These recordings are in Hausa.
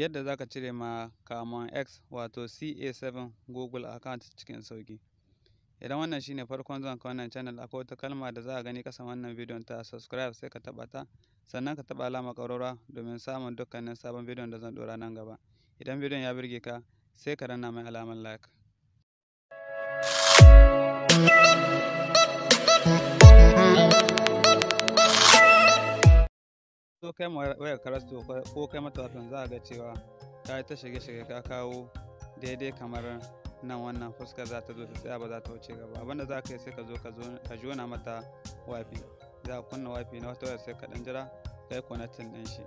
yadda za ka cire ma kaman x wato ca7 google account cikin sauki idan wannan shine farkon ka wannan channel akwai wata kalma da za a gani kasan wannan bidiyon ta subscribe sai ka taba ta sannan ka taba alama karora domin samun dukkanin sabon bidiyon da zan dora nan gaba idan bidiyon ya birge ka sai ka danna mai alamar like so kai ma wayar karasto ko kai mata watan za a ga cewa ta yi ta shige-shige ka kawo daidai kamar nan wannan fuskar za ta zo ta tsaya ba za ta wuce gaba abinda za ka yi sai ka zo ka jona mata wafi za ka kunna wafi na wata wayar sai ka dan jira ka yi connecting din shi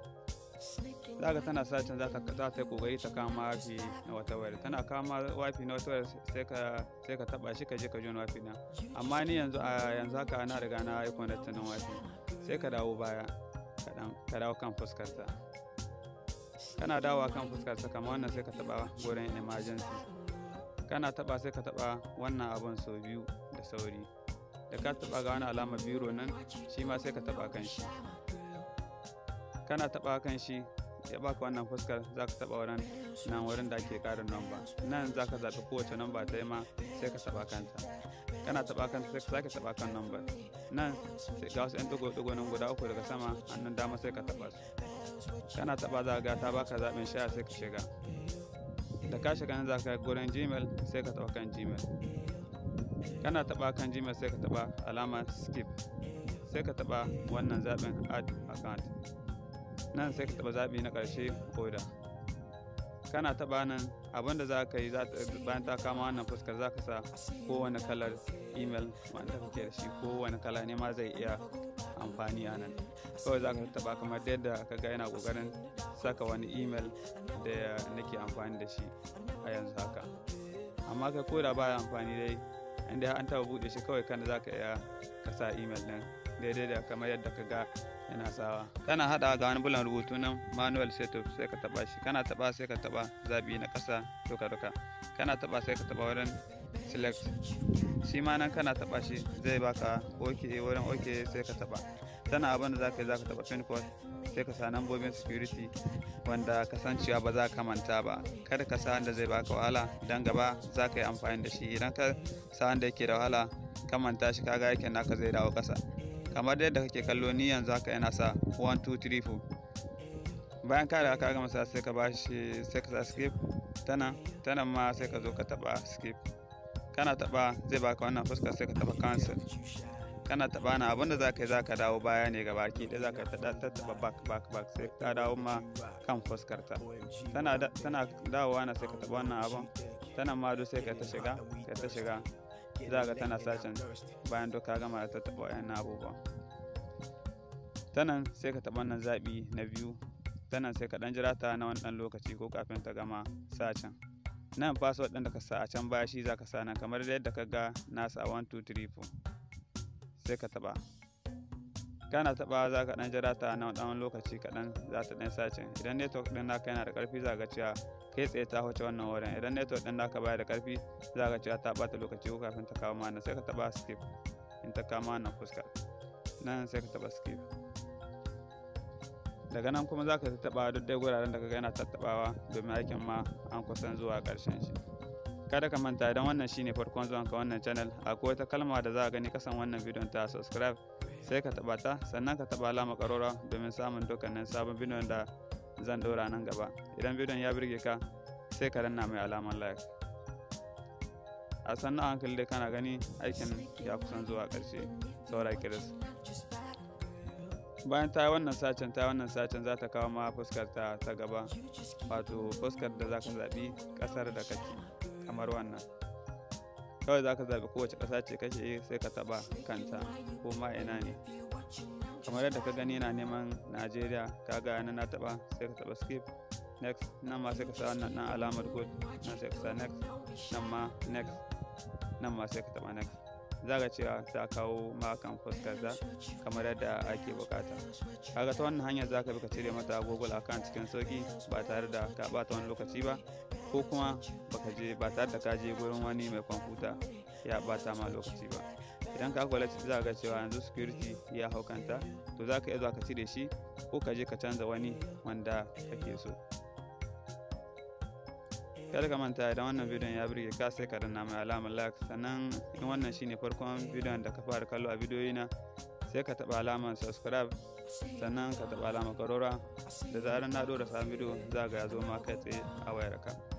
za ka tana sacin za ta yi kokari ta kama wafi na wata wayar tana kama wafi na wata wayar sai ka taba shi ka je ka jona wafi na amma ni yanzu a yanzu haka na riga na yi connecting din wafi sai ka dawo baya ka dawo kan fuskarsa kana dawowa kan fuskarsa kamar wannan sai ka taba gurin emergency kana taba sai ka taba wannan abun sau biyu da sauri da ka taba ga wani alama biro nan shi ma sai ka taba kan shi kana taba kan shi ya baka wannan fuskar za ka taba wurin nan wurin da ake karin nomba nan za ka zaɓi kowace nomba ta yi ma sai ka taba kanta kana taba kan sai ka taba kan number nan sai ga wasu 'yan dogo nan guda uku daga sama hannun dama sai ka taba su kana taba za ga ta baka zaɓin sha sai ka shiga da ka shiga nan za ka gurin gmail sai ka taba kan gmail kana taba kan gmail sai ka taba alama skip sai ka taba wannan zaɓin add account nan sai ka taba zaɓi na ƙarshe order kana taɓa nan abin da za ka yi bayan ta kama wannan fuskar za ka sa kowane kalar email wanda kake da shi kowane kala ne ma zai iya amfani a nan kawai za ka taba kamar yadda ka ga yana ƙoƙarin saka wani email da nake amfani da shi a yanzu haka amma kai ko da baya amfani dai inda an taɓa buɗe shi kawai kan za ka iya ka sa email ɗin daidai da kamar yadda ka ga yana sawa tana hada ga wani bulan rubutu nan manual setup sai ka taba shi kana taba sai ka taba zabi na kasa duka duka kana taba sai ka taba wurin select shi ma nan kana taba shi zai baka ok wurin ok sai ka taba tana abin da ka yi ka taba pin code sai ka sa nambobin security wanda kasancewa ba za ka manta ba kada ka sa wanda zai baka wahala dan gaba za ka yi amfani da shi idan ka sa wanda yake da wahala ka manta shi kaga yake naka zai dawo kasa kamar yadda kake kallo ni yanzu haka yana sa 1234 bayan ka da ka gama sa sai ka bashi sai ka sa skip tana tana ma sai ka zo ka taba skip kana taba zai baka wannan fuska sai ka taba cancel kana taba na abinda za ka yi za ka dawo baya ne ga baki da za ka taba back back back sai ka dawo ma kan fuskar ta tana dawowa na sai ka taba wannan abin tana ma sai ka ta shiga ka ta shiga za ga tana sashen bayan duk ka gama ta taɓa 'yan abubuwa tana nan sai ka taɓa nan zaɓi na biyu ta sai ka ɗan jira ta na wani ɗan lokaci ko kafin ta gama sashen nan password ɗin da ka sa a can baya shi za ka sa nan kamar yadda ka ga nasa 1234 sai ka taɓa kana taba za ka ɗan jira ta na dan lokaci kaɗan za ta ɗan sace idan network ɗin naka yana da ƙarfi za ka cewa kai tsaye ta huce wannan wurin idan network ɗin naka baya da ƙarfi za ka cewa ta ɓata lokaci ko kafin ta kawo mana sai ka taɓa skip in ta kama wannan fuska nan sai ka taɓa skip daga nan kuma za ka taba duk dai wuraren da ka yana tattabawa domin aikin ma an kusan zuwa karshen shi kada ka manta idan wannan shine farkon ka wannan channel akwai wata kalma da za a gani kasan wannan bidiyon ta subscribe sai ka taba ta sannan ka taba alama karora domin samun dukkanin sabon bidiyon da zan dora nan gaba idan bidiyon ya birge ka sai ka danna mai alaman like a sannan hankali da kana gani aikin ya kusan zuwa ƙarshe saura kiris bayan ta wannan sacin ta wannan sacin za ta kawo ma fuskar ta ta gaba wato fuskar da za ka zaɓi ƙasar da kake kamar wannan kawai za ka zaɓi kowace ƙasa ce kashe sai ka taɓa kanta ko ma ina ne kamar yadda ka gani na neman najeriya ka ga yana na taɓa sai ka taɓa skip next nan ma sai ka sa nan alamar good nan sai ka sa next nan ma next nan ma sai ka taɓa next za ka cewa ta kawo makan fuskar za kamar yadda ake bukata kaga ta wannan hanyar za ka bi ka cire mata google account cikin sauki ba tare da ka bata wani lokaci ba ko kuma baka je ba tare da ka je gurin wani mai kwamfuta ya bata ma lokaci ba idan ka kula za ga cewa yanzu security ya haukanta to za ka iya zuwa ka cire shi ko ka je ka canza wani wanda kake so kada ka manta idan wannan bidiyon ya birge ka sai ka danna mai alamar like sannan in wannan shine farkon bidiyon da ka fara kallo a bidiyoyina sai ka taɓa alamar subscribe sannan ka taɓa alamar karora da zarar na ɗora sabon bidiyo za ga ya zo ma kai tsaye a wayarka.